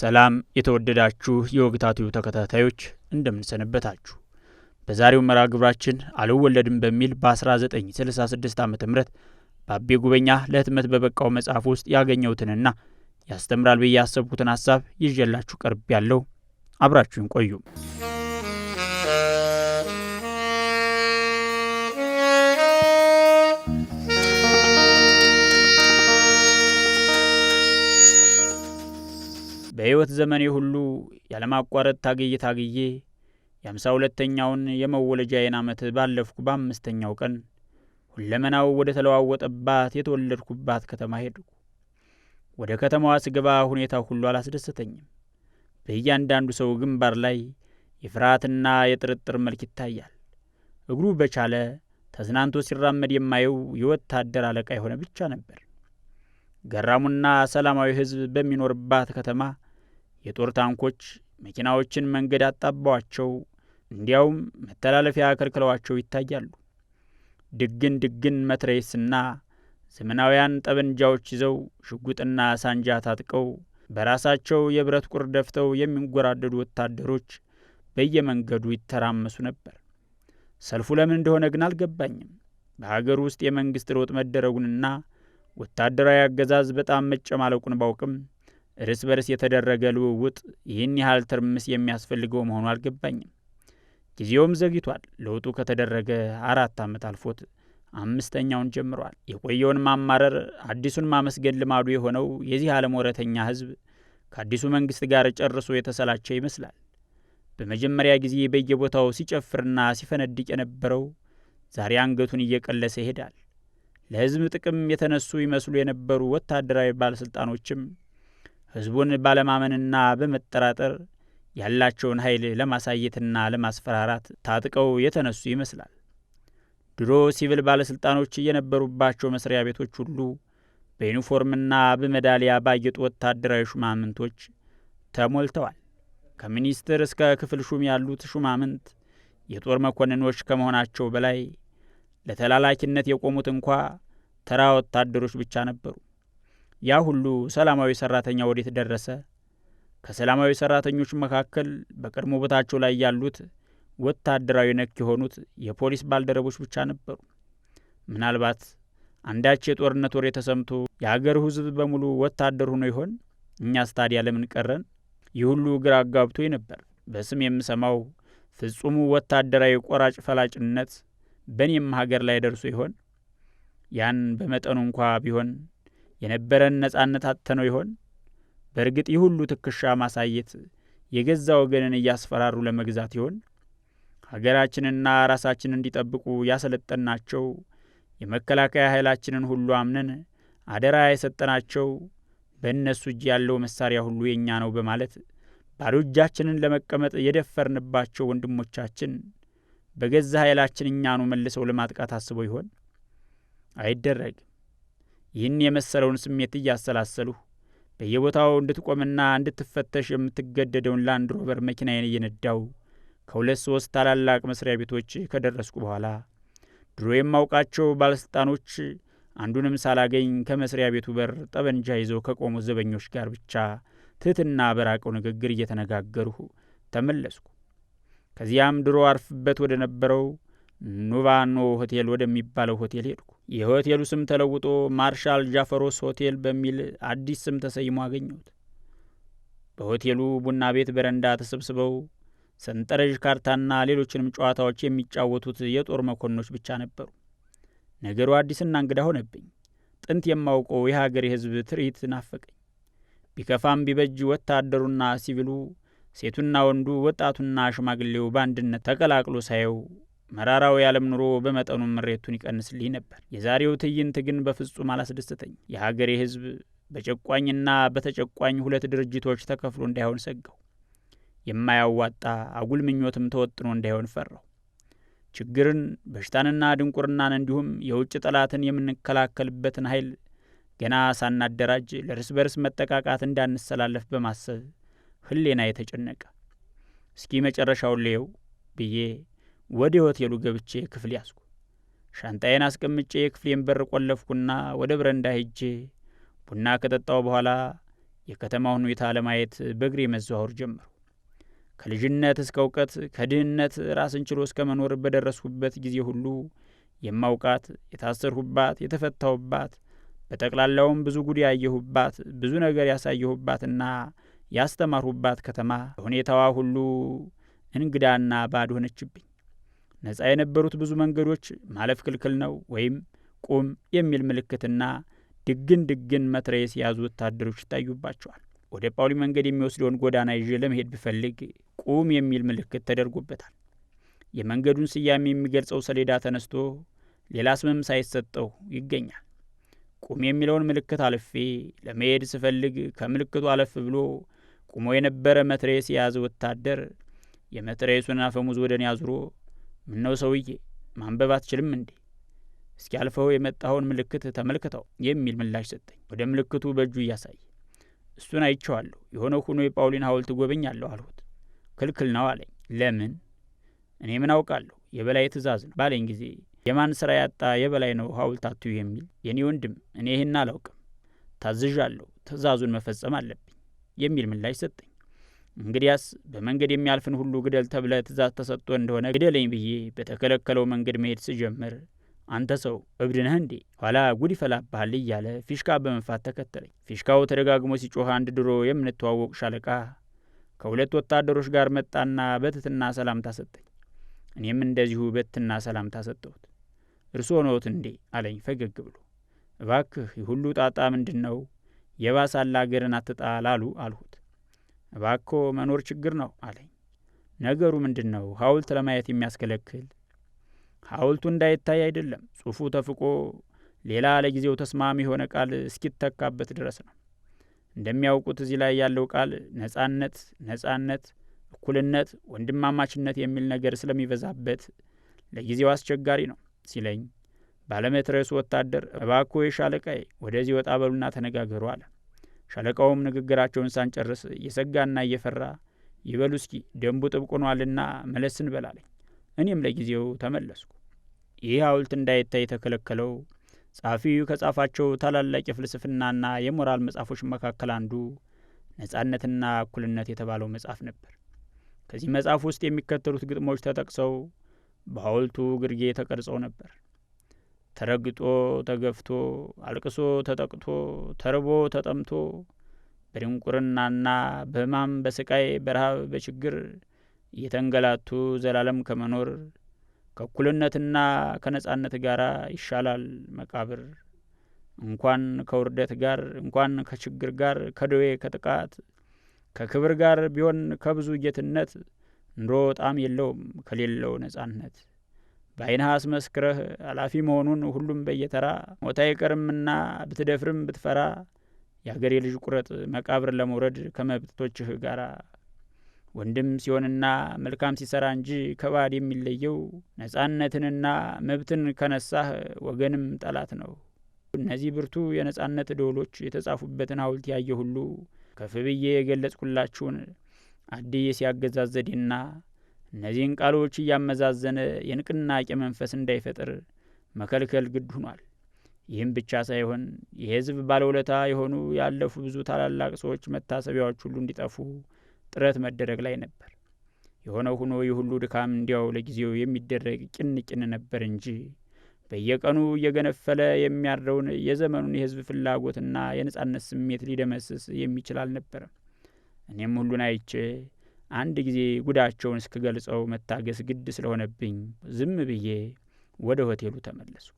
ሰላም የተወደዳችሁ የወግታትዩ ተከታታዮች እንደምንሰነበታችሁ። በዛሬው መርሃ ግብራችን አልወለድም በሚል በ1966 ዓ ም በአቤ ጉበኛ ለህትመት በበቃው መጽሐፍ ውስጥ ያገኘሁትንና ያስተምራል ብዬ ያሰብኩትን ሐሳብ ይዤላችሁ ቀርብ ያለው አብራችሁን ቆዩም። በሕይወት ዘመኔ ሁሉ ያለማቋረጥ ታግዬ ታግዬ የአምሳ ሁለተኛውን የመወለጃዬን ዓመት ባለፍኩ በአምስተኛው ቀን ሁለመናው ወደ ተለዋወጠባት የተወለድኩባት ከተማ ሄድኩ። ወደ ከተማዋ ስገባ ሁኔታ ሁሉ አላስደሰተኝም። በእያንዳንዱ ሰው ግንባር ላይ የፍርሃትና የጥርጥር መልክ ይታያል። እግሩ በቻለ ተዝናንቶ ሲራመድ የማየው የወታደር አለቃ የሆነ ብቻ ነበር። ገራሙና ሰላማዊ ሕዝብ በሚኖርባት ከተማ የጦር ታንኮች መኪናዎችን መንገድ አጣበዋቸው እንዲያውም መተላለፊያ አከልክለዋቸው ይታያሉ። ድግን ድግን መትረየስና ዘመናውያን ጠበንጃዎች ይዘው ሽጉጥና ሳንጃ ታጥቀው በራሳቸው የብረት ቁር ደፍተው የሚንጎራደዱ ወታደሮች በየመንገዱ ይተራመሱ ነበር። ሰልፉ ለምን እንደሆነ ግን አልገባኝም። በሀገር ውስጥ የመንግሥት ለውጥ መደረጉንና ወታደራዊ አገዛዝ በጣም መጨማለቁን ባውቅም እርስ በርስ የተደረገ ልውውጥ ይህን ያህል ትርምስ የሚያስፈልገው መሆኑ አልገባኝም። ጊዜውም ዘግቷል፤ ለውጡ ከተደረገ አራት ዓመት አልፎት አምስተኛውን ጀምሯል። የቆየውን ማማረር፣ አዲሱን ማመስገን ልማዱ የሆነው የዚህ ዓለም ወረተኛ ሕዝብ ከአዲሱ መንግሥት ጋር ጨርሶ የተሰላቸ ይመስላል። በመጀመሪያ ጊዜ በየቦታው ሲጨፍርና ሲፈነድቅ የነበረው ዛሬ አንገቱን እየቀለሰ ይሄዳል። ለሕዝብ ጥቅም የተነሱ ይመስሉ የነበሩ ወታደራዊ ባለሥልጣኖችም ሕዝቡን ባለማመንና በመጠራጠር ያላቸውን ኃይል ለማሳየትና ለማስፈራራት ታጥቀው የተነሱ ይመስላል። ድሮ ሲቪል ባለሥልጣኖች የነበሩባቸው መስሪያ ቤቶች ሁሉ በዩኒፎርምና በሜዳሊያ ባጌጡ ወታደራዊ ሹማምንቶች ተሞልተዋል። ከሚኒስትር እስከ ክፍል ሹም ያሉት ሹማምንት የጦር መኮንኖች ከመሆናቸው በላይ ለተላላኪነት የቆሙት እንኳ ተራ ወታደሮች ብቻ ነበሩ። ያ ሁሉ ሰላማዊ ሰራተኛ ወዴት ደረሰ? ከሰላማዊ ሰራተኞች መካከል በቀድሞ ቦታቸው ላይ ያሉት ወታደራዊ ነክ የሆኑት የፖሊስ ባልደረቦች ብቻ ነበሩ። ምናልባት አንዳች የጦርነት ወሬ ተሰምቶ የአገር ሕዝብ በሙሉ ወታደር ሆኖ ይሆን? እኛስ ታዲያ ለምን ቀረን? ይህ ሁሉ ግራ አጋብቶኝ ነበር። በስም የምሰማው ፍጹሙ ወታደራዊ ቆራጭ ፈላጭነት በእኔም ሀገር ላይ ደርሶ ይሆን? ያን በመጠኑ እንኳ ቢሆን የነበረን ነጻነት አጥተነው ይሆን? በእርግጥ ይህ ሁሉ ትከሻ ማሳየት የገዛ ወገንን እያስፈራሩ ለመግዛት ይሆን? ሀገራችንና ራሳችን እንዲጠብቁ ያሰለጠናቸው የመከላከያ ኃይላችንን ሁሉ አምነን አደራ የሰጠናቸው በእነሱ እጅ ያለው መሳሪያ ሁሉ የእኛ ነው በማለት ባዶ እጃችንን ለመቀመጥ የደፈርንባቸው ወንድሞቻችን በገዛ ኃይላችን እኛኑ መልሰው ለማጥቃት አስበው ይሆን? አይደረግም። ይህን የመሰለውን ስሜት እያሰላሰሉ በየቦታው እንድትቆምና እንድትፈተሽ የምትገደደውን ላንድ ሮቨር መኪናዬን እየነዳው ከሁለት ሶስት ታላላቅ መስሪያ ቤቶች ከደረስኩ በኋላ ድሮ የማውቃቸው ባለሥልጣኖች አንዱንም ሳላገኝ ከመስሪያ ቤቱ በር ጠበንጃ ይዘው ከቆሙ ዘበኞች ጋር ብቻ ትህትና በራቀው ንግግር እየተነጋገርሁ ተመለስኩ። ከዚያም ድሮ አርፍበት ወደ ነበረው ኑቫኖ ሆቴል ወደሚባለው ሆቴል ሄድኩ። የሆቴሉ ስም ተለውጦ ማርሻል ጃፈሮስ ሆቴል በሚል አዲስ ስም ተሰይሞ አገኘሁት። በሆቴሉ ቡና ቤት በረንዳ ተሰብስበው ሰንጠረዥ ካርታና ሌሎችንም ጨዋታዎች የሚጫወቱት የጦር መኮንኖች ብቻ ነበሩ። ነገሩ አዲስና እንግዳ ሆነብኝ። ጥንት የማውቀው የሀገር የሕዝብ ትርኢት ናፈቀኝ። ቢከፋም ቢበጅ ወታደሩና ሲቪሉ፣ ሴቱና ወንዱ፣ ወጣቱና ሽማግሌው በአንድነት ተቀላቅሎ ሳየው መራራው የዓለም ኑሮ በመጠኑ ምሬቱን ይቀንስልኝ ነበር። የዛሬው ትዕይንት ግን በፍጹም አላስደሰተኝ። የሀገሬ ሕዝብ በጨቋኝና በተጨቋኝ ሁለት ድርጅቶች ተከፍሎ እንዳይሆን ሰጋው። የማያዋጣ አጉል ምኞትም ተወጥኖ እንዳይሆን ፈራው። ችግርን፣ በሽታንና ድንቁርናን እንዲሁም የውጭ ጠላትን የምንከላከልበትን ኃይል ገና ሳናደራጅ ለእርስ በርስ መጠቃቃት እንዳንሰላለፍ በማሰብ ህሌና የተጨነቀ እስኪ መጨረሻውን ልየው ብዬ ወደ ሆቴሉ ገብቼ ክፍል ያዝኩ። ሻንጣዬን አስቀምጬ የክፍሌን በር ቆለፍኩና ወደ ብረንዳ ሄጄ ቡና ከጠጣው በኋላ የከተማውን ሁኔታ ለማየት በእግሬ መዘዋወር ጀመሩ። ከልጅነት እስከ እውቀት ከድህነት ራስን ችሎ እስከ መኖር በደረስኩበት ጊዜ ሁሉ የማውቃት የታሰርሁባት፣ የተፈታሁባት በጠቅላላውም ብዙ ጉድ ያየሁባት ብዙ ነገር ያሳየሁባትና ያስተማርሁባት ከተማ በሁኔታዋ ሁሉ እንግዳና ባድ ሆነችብኝ። ነፃ የነበሩት ብዙ መንገዶች ማለፍ ክልክል ነው ወይም ቁም የሚል ምልክትና ድግን ድግን መትረየስ የያዙ ወታደሮች ይታዩባቸዋል። ወደ ጳውሊ መንገድ የሚወስደውን ጎዳና ይዤ ለመሄድ ብፈልግ ቁም የሚል ምልክት ተደርጎበታል። የመንገዱን ስያሜ የሚገልጸው ሰሌዳ ተነስቶ ሌላ ስምም ሳይሰጠው ይገኛል። ቁም የሚለውን ምልክት አልፌ ለመሄድ ስፈልግ ከምልክቱ አለፍ ብሎ ቁሞ የነበረ መትረየስ የያዘ ወታደር የመትረየሱን አፈሙዝ ወደ እኔ አዙሮ ምነው ሰውዬ ማንበብ አትችልም እንዴ? አልፈው የመጣኸውን ምልክት ተመልክተው የሚል ምላሽ ሰጠኝ። ወደ ምልክቱ በእጁ እያሳየ እሱን አይቼዋለሁ። የሆነ ሁኖ የጳውሊን ሐውልት ጎበኛለሁ አልሁት። ክልክል ነው አለኝ። ለምን? እኔ ምን አውቃለሁ፣ የበላይ ትእዛዝ ነው ባለኝ ጊዜ የማን ስራ ያጣ የበላይ ነው ሐውልት አትዩ የሚል የኔ ወንድም፣ እኔ ይህን አላውቅም፣ ታዝዣለሁ፣ ትእዛዙን መፈጸም አለብኝ የሚል ምላሽ ሰጠኝ። እንግዲያስ በመንገድ የሚያልፍን ሁሉ ግደል ተብለ ትእዛዝ ተሰጥቶ እንደሆነ ግደለኝ ብዬ በተከለከለው መንገድ መሄድ ስጀምር አንተ ሰው እብድ ነህ እንዴ? ኋላ ጉድ ይፈላብሃል እያለ ፊሽካ በመንፋት ተከተለኝ። ፊሽካው ተደጋግሞ ሲጮህ አንድ ድሮ የምንተዋወቅ ሻለቃ ከሁለት ወታደሮች ጋር መጣና በትትና ሰላምታ ሰጠኝ። እኔም እንደዚሁ በትትና ሰላምታ ሰጠሁት። እርስዎ ነዎት እንዴ አለኝ ፈገግ ብሎ። እባክህ ይሁሉ ጣጣ ምንድን ነው? የባሰ አለ አትጣል አሉ አልሁት። እባኮ መኖር ችግር ነው አለኝ። ነገሩ ምንድን ነው? ሐውልት ለማየት የሚያስከለክል ሐውልቱ እንዳይታይ አይደለም፣ ጽሑፉ ተፍቆ ሌላ ለጊዜው ተስማሚ የሆነ ቃል እስኪተካበት ድረስ ነው። እንደሚያውቁት እዚህ ላይ ያለው ቃል ነጻነት፣ ነጻነት፣ እኩልነት፣ ወንድማማችነት የሚል ነገር ስለሚበዛበት ለጊዜው አስቸጋሪ ነው ሲለኝ ባለመትረሱ ወታደር እባኮ የሻለቃዬ ወደዚህ ወጣ በሉና ተነጋገሩ አለ። ሻለቃውም ንግግራቸውን ሳንጨርስ እየሰጋና እየፈራ ይበሉ እስኪ ደንቡ ጥብቅ ሆኗልና መለስ እንበል እኔም ለጊዜው ተመለስኩ። ይህ ሐውልት እንዳይታይ የተከለከለው ጸሐፊው ከጻፋቸው ታላላቅ የፍልስፍናና የሞራል መጽሐፎች መካከል አንዱ ነጻነትና እኩልነት የተባለው መጽሐፍ ነበር። ከዚህ መጽሐፍ ውስጥ የሚከተሉት ግጥሞች ተጠቅሰው በሐውልቱ ግርጌ ተቀርጸው ነበር። ተረግጦ ተገፍቶ አልቅሶ ተጠቅቶ ተርቦ ተጠምቶ በድንቁርናና በሕማም በስቃይ በረሃብ በችግር እየተንገላቱ ዘላለም ከመኖር ከእኩልነትና ከነጻነት ጋር ይሻላል መቃብር። እንኳን ከውርደት ጋር እንኳን ከችግር ጋር ከደዌ ከጥቃት ከክብር ጋር ቢሆን ከብዙ ጌትነት ኑሮ ጣዕም የለውም ከሌለው ነጻነት። በአይነ አስመስክረህ መስክረህ ኃላፊ መሆኑን ሁሉም በየተራ ሞታ ይቀርምና ብትደፍርም ብትፈራ የአገሬ ልጅ ቁረጥ መቃብር ለመውረድ ከመብቶችህ ጋራ ወንድም ሲሆንና መልካም ሲሰራ እንጂ ከባድ የሚለየው ነጻነትንና መብትን ከነሳህ ወገንም ጠላት ነው። እነዚህ ብርቱ የነጻነት ደወሎች የተጻፉበትን ሐውልት ያየ ሁሉ ከፍ ብዬ የገለጽኩላችሁን አዲስ ያገዛዝ ዘዴና እነዚህን ቃሎች እያመዛዘነ የንቅናቄ መንፈስ እንዳይፈጥር መከልከል ግድ ሆኗል። ይህም ብቻ ሳይሆን የህዝብ ባለውለታ የሆኑ ያለፉ ብዙ ታላላቅ ሰዎች መታሰቢያዎች ሁሉ እንዲጠፉ ጥረት መደረግ ላይ ነበር። የሆነ ሆኖ ይህ ሁሉ ድካም እንዲያው ለጊዜው የሚደረግ ቂንቂን ነበር እንጂ በየቀኑ እየገነፈለ የሚያረውን የዘመኑን የህዝብ ፍላጎትና የነጻነት ስሜት ሊደመስስ የሚችል አልነበረም። እኔም ሁሉን አይቼ አንድ ጊዜ ጉዳቸውን እስክገልጸው መታገስ ግድ ስለሆነብኝ ዝም ብዬ ወደ ሆቴሉ ተመለስኩ።